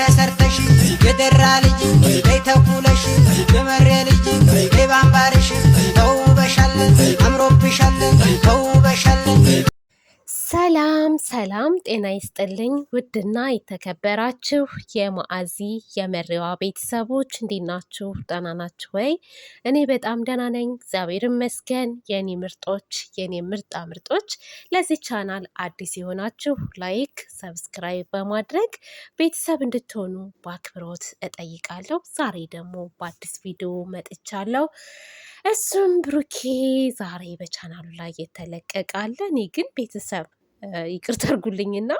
ተሰርተሽ የደራ ልጅ ተይ የመሬ ልጅ ባምባሬ ሰላም ሰላም፣ ጤና ይስጥልኝ ውድና የተከበራችሁ የማአዚ የመሪዋ ቤተሰቦች እንዴት ናችሁ? ደህና ናችሁ ወይ? እኔ በጣም ደህና ነኝ፣ እግዚአብሔር ይመስገን። የኔ ምርጦች፣ የኔ ምርጣ ምርጦች፣ ለዚህ ቻናል አዲስ የሆናችሁ ላይክ፣ ሰብስክራይብ በማድረግ ቤተሰብ እንድትሆኑ በአክብሮት እጠይቃለሁ። ዛሬ ደግሞ በአዲስ ቪዲዮ መጥቻለሁ። እሱም ብሩኬ ዛሬ በቻናሉ ላይ የተለቀቃለ አለ። እኔ ግን ቤተሰብ ይቅርታ አድርጉልኝና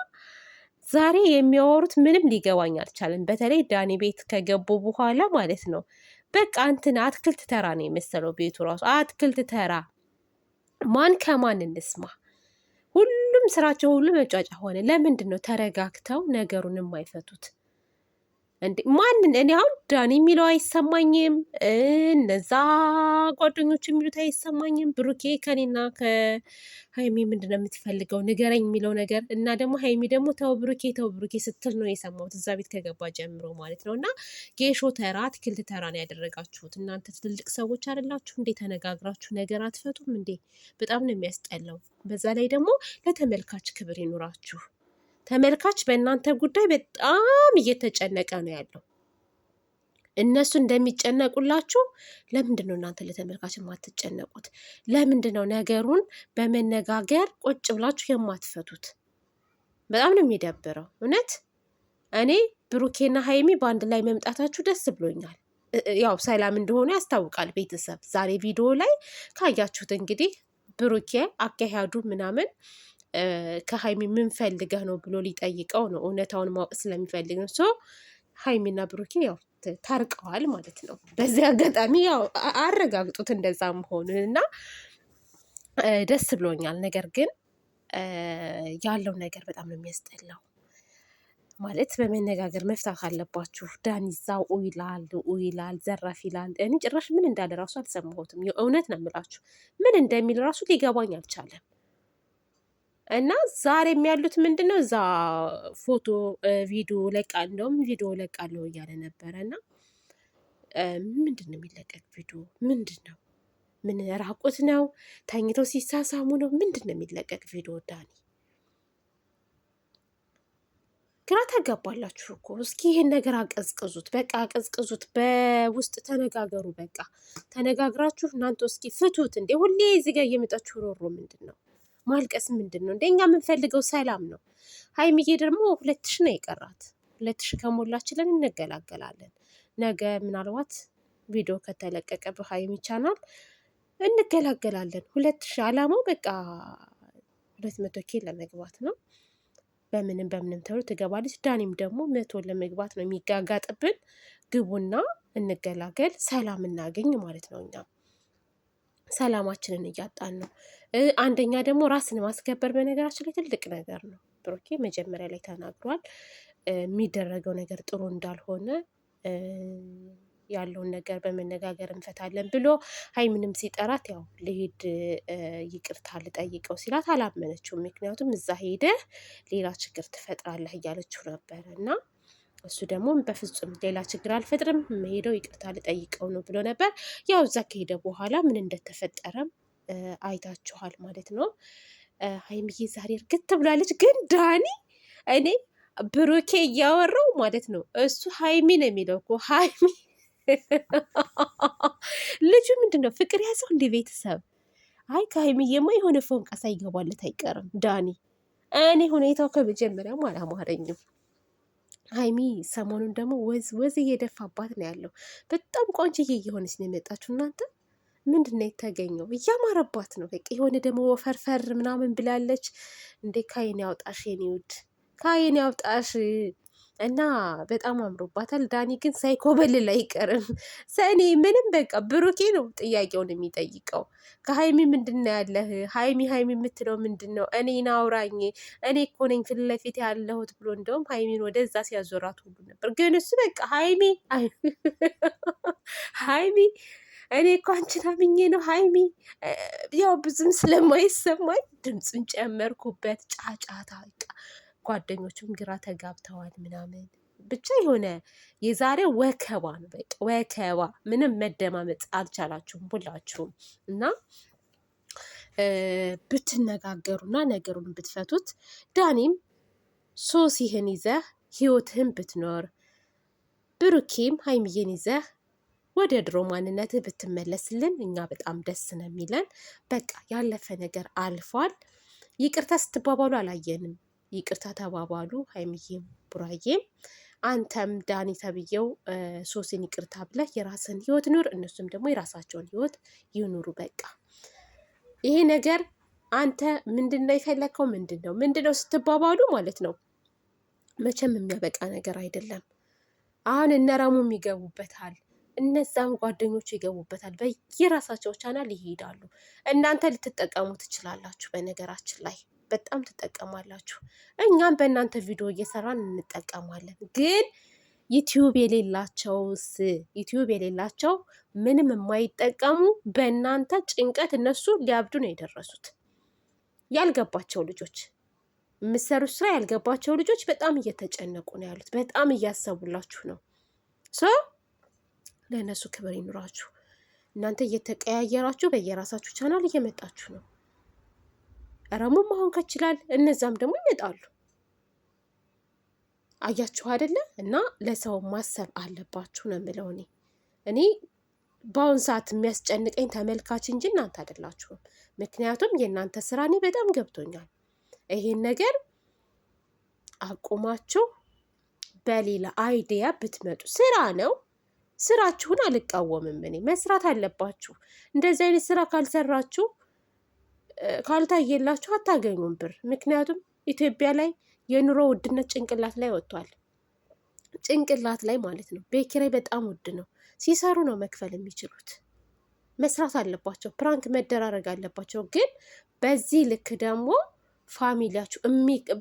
ዛሬ የሚያወሩት ምንም ሊገባኝ አልቻለም። በተለይ ዳኒ ቤት ከገቡ በኋላ ማለት ነው። በቃ እንትን አትክልት ተራ ነው የመሰለው ቤቱ ራሱ አትክልት ተራ። ማን ከማን እንስማ? ሁሉም ስራቸው ሁሉ መጫጫ ሆነ። ለምንድን ነው ተረጋግተው ነገሩን የማይፈቱት? እንዴ ማንን እኔ አሁን ዳኒ የሚለው አይሰማኝም፣ እነዛ ጓደኞች የሚሉት አይሰማኝም። ብሩኬ ከኔና ከሀይሚ ምንድነው የምትፈልገው ንገረኝ የሚለው ነገር እና ደግሞ ሀይሚ ደግሞ ተው ብሩኬ ተው ብሩኬ ስትል ነው የሰማሁት እዛ ቤት ከገባ ጀምሮ ማለት ነው። እና ጌሾ ተራ አትክልት ተራ ነው ያደረጋችሁት እናንተ ትልልቅ ሰዎች አይደላችሁ እንዴ? ተነጋግራችሁ ነገር አትፈቱም እንዴ? በጣም ነው የሚያስጠላው። በዛ ላይ ደግሞ ለተመልካች ክብር ይኑራችሁ። ተመልካች በእናንተ ጉዳይ በጣም እየተጨነቀ ነው ያለው። እነሱ እንደሚጨነቁላችሁ ለምንድን ነው እናንተ ለተመልካች የማትጨነቁት? ለምንድን ነው ነገሩን በመነጋገር ቁጭ ብላችሁ የማትፈቱት? በጣም ነው የሚደብረው። እውነት እኔ ብሩኬና ሀይሚ በአንድ ላይ መምጣታችሁ ደስ ብሎኛል። ያው ሰላም እንደሆነ ያስታውቃል። ቤተሰብ ዛሬ ቪዲዮ ላይ ካያችሁት እንግዲህ ብሩኬ አካሄዱ ምናምን ከሀይሚ ምን ፈልገህ ነው ብሎ ሊጠይቀው ነው። እውነታውን ማወቅ ስለሚፈልግ ነው። ሶ ሀይሚና ብሩኪን ያው ታርቀዋል ማለት ነው። በዚህ አጋጣሚ ያው አረጋግጡት እንደዛ መሆኑን እና ደስ ብሎኛል። ነገር ግን ያለው ነገር በጣም ነው የሚያስጠላው። ማለት በመነጋገር መፍታት አለባችሁ። ዳኒዛው ይላል ይላል፣ ዘራፍ ይላል። እኔ ጭራሽ ምን እንዳለ ራሱ አልሰማሁትም። የእውነት ነው የምላችሁ ምን እንደሚል ራሱ ሊገባኝ አልቻለም። እና ዛሬም ያሉት ምንድን ነው እዛ ፎቶ ቪዲዮ ለቃ እንደውም ቪዲዮ ለቃለሁ እያለ ነበረ እና ምንድን ነው የሚለቀቅ ቪዲዮ ምንድን ነው ምን ራቁት ነው ተኝተው ሲሳሳሙ ነው ምንድን ነው የሚለቀቅ ቪዲዮ ዳኒ ግራ ተገባላችሁ እኮ እስኪ ይሄን ነገር አቀዝቅዙት በቃ አቀዝቅዙት በውስጥ ተነጋገሩ በቃ ተነጋግራችሁ እናንተ እስኪ ፍቱት እንዴ ሁሌ እዚህ ጋ እየመጣችሁ ሮሮ ምንድን ነው ማልቀስ ምንድን ነው? እንደኛ የምንፈልገው ሰላም ነው። ሀይሚዬ ደግሞ ሁለት ሺ ነው የቀራት። ሁለት ሺ ከሞላችለን እንገላገላለን። ነገ ምናልባት ቪዲዮ ከተለቀቀ በሀይሚ ቻናል እንገላገላለን። ሁለት ሺ አላማው በቃ ሁለት መቶ ኬ ለመግባት ነው። በምንም በምንም ተብሎ ትገባለች። ዳኒም ደግሞ መቶ ለመግባት ነው የሚጋጋጥብን። ግቡና እንገላገል፣ ሰላም እናገኝ ማለት ነው እኛም ሰላማችንን እያጣን ነው። አንደኛ ደግሞ ራስን ማስከበር በነገራችን ላይ ትልቅ ነገር ነው። ብሩኬ መጀመሪያ ላይ ተናግሯል። የሚደረገው ነገር ጥሩ እንዳልሆነ ያለውን ነገር በመነጋገር እንፈታለን ብሎ ሀይምንም ሲጠራት ያው ልሄድ ይቅርታ ልጠይቀው ሲላት አላመነችውም። ምክንያቱም እዛ ሄደ ሌላ ችግር ትፈጥራለህ እያለችው ነበረ እና እሱ ደግሞ በፍጹም ሌላ ችግር አልፈጥርም፣ መሄደው ይቅርታ ልጠይቀው ነው ብሎ ነበር። ያው እዛ ከሄደ በኋላ ምን እንደተፈጠረም አይታችኋል ማለት ነው። ሀይሚዬ ዛሬ እርግጥ ትብላለች። ግን ዳኒ እኔ ብሩኬ እያወራው ማለት ነው እሱ ሀይሚ ነው የሚለው እኮ ሀይሚ ልጁ ምንድን ነው ፍቅር ያዘው እንደ ቤተሰብ አይ ከሀይሚዬማ የሆነ ፎንቃ ይገባለት አይቀርም ዳኒ እኔ ሁኔታው ከመጀመሪያም አላማረኝም። ሀይሚ ሰሞኑን ደግሞ ወዝ ወዝ እየደፋባት ነው ያለው። በጣም ቆንጅዬ እየሆነች ነው የመጣችሁ እናንተ ምንድን ነው የተገኘው? እያማረባት ነው። በቃ የሆነ ደግሞ ወፈርፈር ምናምን ብላለች። እንዴ ካይን ያውጣሽ የኔ ውድ፣ ካይን ያውጣሽ። እና በጣም አምሮባታል። ዳኒ ግን ሳይኮበልል አይቀርም። ሰኔ ምንም በቃ ብሩኬ ነው ጥያቄውን የሚጠይቀው። ከሀይሚ ምንድን ነው ያለህ? ሀይሚ ሀይሚ የምትለው ምንድን ነው? እኔን አውራኝ፣ እኔ እኮ ነኝ ፊት ለፊት ያለሁት ብሎ እንደውም ሀይሚን ወደዛ ሲያዞራት ሁሉ ነበር። ግን እሱ በቃ ሀይሚ ሀይሚ እኔ እኮ አንቺን አምኜ ነው ሀይሚ። ያው ብዙም ስለማይሰማኝ ድምፁን ጨመርኩበት። ጫጫታ ጓደኞቹም ግራ ተጋብተዋል ምናምን ብቻ የሆነ የዛሬ ወከባ ነው። በቃ ወከባ ምንም መደማመጥ አልቻላችሁም ሁላችሁም እና ብትነጋገሩና ነገሩን ብትፈቱት ዳኒም ሶሲህን ይዘህ ህይወትህን ብትኖር ብሩኬም ሀይሚዬን ይዘህ ወደ ድሮ ማንነትህ ብትመለስልን እኛ በጣም ደስ ነው የሚለን። በቃ ያለፈ ነገር አልፏል። ይቅርታ ስትባባሉ አላየንም። ይቅርታ ተባባሉ። ሀይሚዬም ቡራዬም አንተም ዳኒ ተብዬው ሶስን ይቅርታ ብለህ የራስን ህይወት ኑር፣ እነሱም ደግሞ የራሳቸውን ህይወት ይኑሩ። በቃ ይሄ ነገር አንተ ምንድን ነው የፈለግከው? ምንድን ነው ምንድን ነው ስትባባሉ ማለት ነው። መቼም የሚያበቃ ነገር አይደለም። አሁን እነረሙም ይገቡበታል፣ እነዛም ጓደኞቹ ይገቡበታል። በየራሳቸው ቻናል ይሄዳሉ። እናንተ ልትጠቀሙ ትችላላችሁ በነገራችን ላይ በጣም ትጠቀማላችሁ። እኛም በእናንተ ቪዲዮ እየሰራን እንጠቀማለን። ግን ዩትዩብ የሌላቸውስ ዩትዩብ የሌላቸው ምንም የማይጠቀሙ በእናንተ ጭንቀት እነሱ ሊያብዱ ነው የደረሱት። ያልገባቸው ልጆች የምሰሩት ስራ ያልገባቸው ልጆች በጣም እየተጨነቁ ነው ያሉት። በጣም እያሰቡላችሁ ነው። ሶ ለእነሱ ክብር ይኑራችሁ። እናንተ እየተቀያየራችሁ በየራሳችሁ ቻናል እየመጣችሁ ነው። ረሙም መሆን ከችላል፣ እነዛም ደግሞ ይመጣሉ። አያችሁ አይደለ? እና ለሰው ማሰብ አለባችሁ ነው የምለው እኔ እኔ በአሁን ሰዓት የሚያስጨንቀኝ ተመልካች እንጂ እናንተ አይደላችሁም። ምክንያቱም የእናንተ ስራ እኔ በጣም ገብቶኛል። ይሄን ነገር አቁማችሁ በሌላ አይዲያ ብትመጡ ስራ ነው። ስራችሁን አልቃወምም እኔ መስራት አለባችሁ። እንደዚህ አይነት ስራ ካልሰራችሁ ካልታየላችሁ አታገኙም ብር። ምክንያቱም ኢትዮጵያ ላይ የኑሮ ውድነት ጭንቅላት ላይ ወጥቷል። ጭንቅላት ላይ ማለት ነው። ቤኪራይ በጣም ውድ ነው። ሲሰሩ ነው መክፈል የሚችሉት። መስራት አለባቸው። ፕራንክ መደራረግ አለባቸው። ግን በዚህ ልክ ደግሞ ፋሚሊያችሁ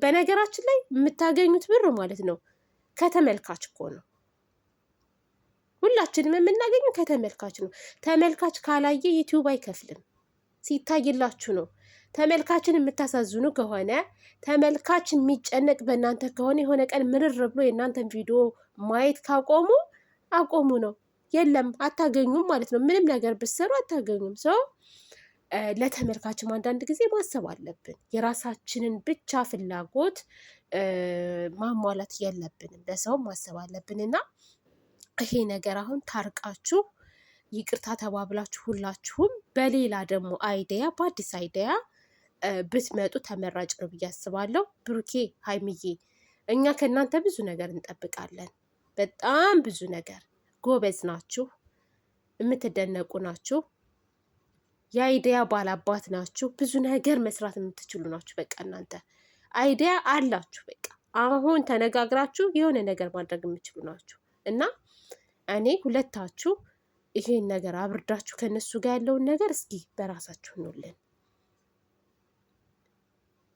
በነገራችን ላይ የምታገኙት ብር ማለት ነው ከተመልካች እኮ ነው። ሁላችንም የምናገኙ ከተመልካች ነው። ተመልካች ካላየ ዩቲዩብ አይከፍልም። ሲታይላችሁ ነው። ተመልካችን የምታሳዝኑ ከሆነ ተመልካች የሚጨነቅ በእናንተ ከሆነ የሆነ ቀን ምርር ብሎ የእናንተን ቪዲዮ ማየት ካቆሙ አቆሙ ነው። የለም አታገኙም ማለት ነው። ምንም ነገር ብትሰሩ አታገኙም። ሰው ለተመልካችም አንዳንድ ጊዜ ማሰብ አለብን። የራሳችንን ብቻ ፍላጎት ማሟላት የለብንም። ለሰውም ማሰብ አለብን እና ይሄ ነገር አሁን ታርቃችሁ ይቅርታ ተባብላችሁ ሁላችሁም በሌላ ደግሞ አይዲያ በአዲስ አይዲያ ብትመጡ ተመራጭ ነው ብዬ አስባለሁ። ብሩኬ፣ ሀይምዬ፣ እኛ ከእናንተ ብዙ ነገር እንጠብቃለን። በጣም ብዙ ነገር። ጎበዝ ናችሁ፣ የምትደነቁ ናችሁ፣ የአይዲያ ባላባት ናችሁ፣ ብዙ ነገር መስራት የምትችሉ ናችሁ። በቃ እናንተ አይዲያ አላችሁ። በቃ አሁን ተነጋግራችሁ የሆነ ነገር ማድረግ የምችሉ ናችሁ እና እኔ ሁለታችሁ ይሄን ነገር አብርዳችሁ ከነሱ ጋር ያለውን ነገር እስኪ በራሳችሁ ኑልን።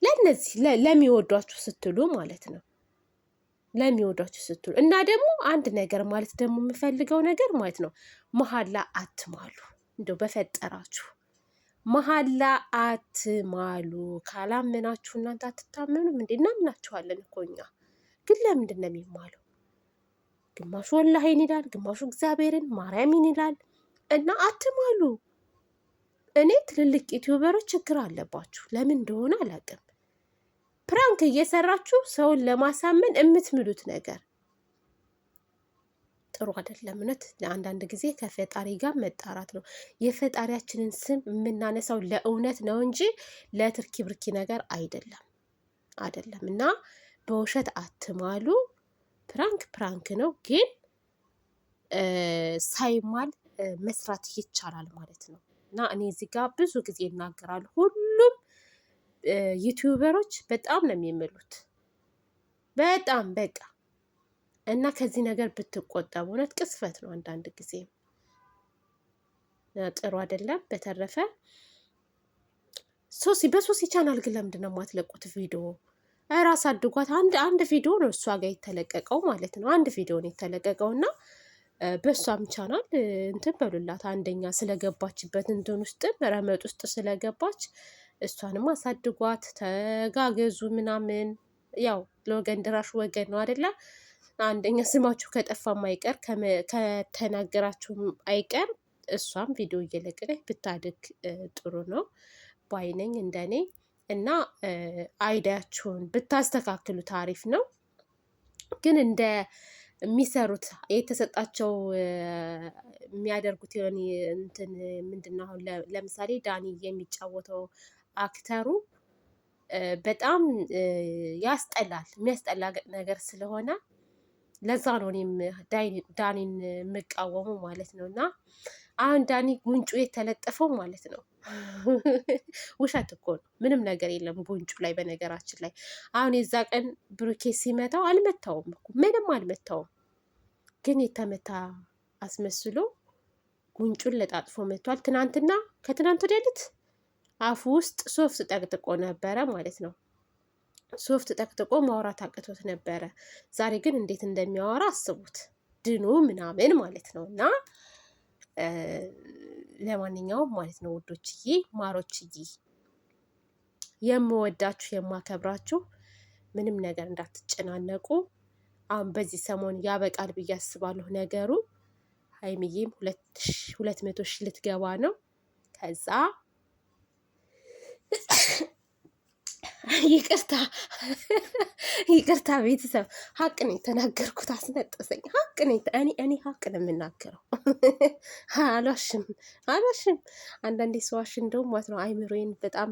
ለእነዚህ ለሚወዷችሁ ስትሉ ማለት ነው። ለሚወዷችሁ ስትሉ እና ደግሞ አንድ ነገር ማለት ደግሞ የምፈልገው ነገር ማለት ነው መሀላ አትማሉ። እንደው በፈጠራችሁ መሀላ አትማሉ። ካላመናችሁ እናንተ አትታመኑም እንዴ? እናምናችኋለን እኮ እኛ ግን ለምንድን ነው የሚማለው? ግማሹ ወላሂን ይላል፣ ግማሹ እግዚአብሔርን ማርያምን ይላል። እና አትማሉ። እኔ ትልልቅ ዩቲዩበሮች ችግር አለባችሁ። ለምን እንደሆነ አላውቅም። ፕራንክ እየሰራችሁ ሰውን ለማሳመን የምትምሉት ነገር ጥሩ አይደለም። እውነት ለአንዳንድ ጊዜ ከፈጣሪ ጋር መጣራት ነው። የፈጣሪያችንን ስም የምናነሳው ለእውነት ነው እንጂ ለትርኪ ብርኪ ነገር አይደለም አይደለም። እና በውሸት አትማሉ። ፕራንክ ፕራንክ ነው፣ ግን ሳይማል መስራት ይቻላል ማለት ነው። እና እኔ እዚህ ጋር ብዙ ጊዜ ይናገራል። ሁሉም ዩቲዩበሮች በጣም ነው የሚምሉት፣ በጣም በቃ እና ከዚህ ነገር ብትቆጠብ እውነት ቅስፈት ነው አንዳንድ ጊዜ ጥሩ አይደለም። በተረፈ ሶሲ በሶሲ ቻናል ግን ለምንድን ነው የማትለቁት ቪዲዮ? ራስ አድጓት አንድ አንድ ቪዲዮ ነው እሷ ጋር የተለቀቀው ማለት ነው። አንድ ቪዲዮ ነው የተለቀቀው እና በእሷም ቻናል እንትን በሉላት አንደኛ ስለገባችበት እንትን ውስጥ ረመጥ ውስጥ ስለገባች እሷንም አሳድጓት ተጋገዙ ምናምን ያው ለወገን ድራሽ ወገን ነው አደለ። አንደኛ ስማችሁ ከጠፋም አይቀር ከተናገራችሁም አይቀር እሷም ቪዲዮ እየለቀቀች ብታድግ ጥሩ ነው ባይነኝ እንደኔ። እና አይዲያችሁን ብታስተካክሉ ታሪፍ ነው። ግን እንደ የሚሰሩት የተሰጣቸው የሚያደርጉት የሆን እንትን ምንድን ነው አሁን ለምሳሌ ዳኒ የሚጫወተው አክተሩ በጣም ያስጠላል። የሚያስጠላ ነገር ስለሆነ ለዛ ነው እኔም ዳኒን የምቃወሙ ማለት ነው። እና አሁን ዳኒ ጉንጩ የተለጠፈው ማለት ነው ውሸት እኮ ነው። ምንም ነገር የለም ጉንጩ ላይ። በነገራችን ላይ አሁን የዛ ቀን ብሩኬ ሲመታው አልመታውም እኮ ምንም አልመታውም፣ ግን የተመታ አስመስሎ ጉንጩን ለጣጥፎ መቷል። ትናንትና ከትናንት ወደሊት አፉ ውስጥ ሶፍት ጠቅጥቆ ነበረ ማለት ነው። ሶፍት ጠቅጥቆ ማውራት አቅቶት ነበረ። ዛሬ ግን እንዴት እንደሚያወራ አስቡት። ድኑ ምናምን ማለት ነው እና ለማንኛውም ማለት ነው ውዶችዬ፣ ማሮችዬ የምወዳችሁ የማከብራችሁ ምንም ነገር እንዳትጨናነቁ። አሁን በዚህ ሰሞን ያበቃል ብዬ አስባለሁ ነገሩ። ሀይሚዬም ሁለት መቶ ሺህ ልትገባ ነው ከዛ ይቅርታ ይቅርታ፣ ቤተሰብ ሀቅ ነው የተናገርኩት። አስነጠሰኝ። ሀቅ ነው እኔ እኔ ሀቅ ነው የምናገረው። አሏሽም አሏሽም። አንዳንዴ ሰዋሽ እንደውም ማለት ነው አይምሮዬን በጣም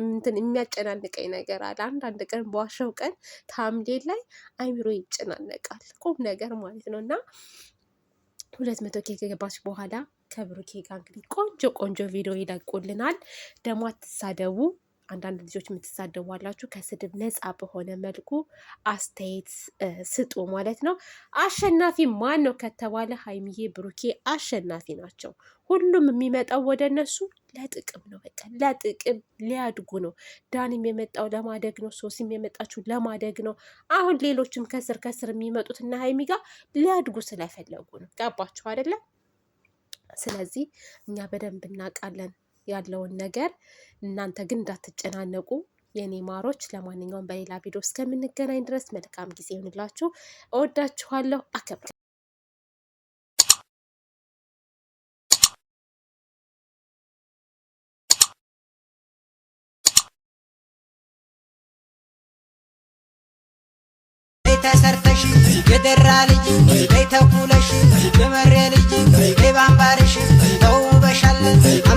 እንትን የሚያጨናንቀኝ ነገር አለ። አንዳንድ ቀን በዋሸው ቀን ታምሌል ላይ አይምሮ ይጨናነቃል። ቁም ነገር ማለት ነው እና ሁለት መቶ ኬ ከገባች በኋላ ከብሩኬ ጋር እንግዲህ ቆንጆ ቆንጆ ቪዲዮ ይለቁልናል። ደግሞ አትሳደቡ። አንዳንድ ልጆች የምትሳደቧላችሁ ከስድብ ነፃ በሆነ መልኩ አስተያየት ስጡ ማለት ነው። አሸናፊ ማን ነው ከተባለ ሀይሚዬ፣ ብሩኬ አሸናፊ ናቸው። ሁሉም የሚመጣው ወደ እነሱ ለጥቅም ነው። በቃ ለጥቅም ሊያድጉ ነው። ዳንም የመጣው ለማደግ ነው። ሶሲም የመጣችው ለማደግ ነው። አሁን ሌሎችም ከስር ከስር የሚመጡት እና ሀይሚ ጋር ሊያድጉ ስለፈለጉ ነው። ገባችሁ አይደለም? ስለዚህ እኛ በደንብ እናውቃለን። ያለውን ነገር። እናንተ ግን እንዳትጨናነቁ የኔ ማሮች። ለማንኛውም በሌላ ቪዲዮ እስከምንገናኝ ድረስ መልካም ጊዜ ይሆንላችሁ። እወዳችኋለሁ፣ አከብ ተሰርተሽ የደራ ልጅ በይ ተኩለሽ የመሬ ልጅ በይ ባምባርሽ ተውበሻለን።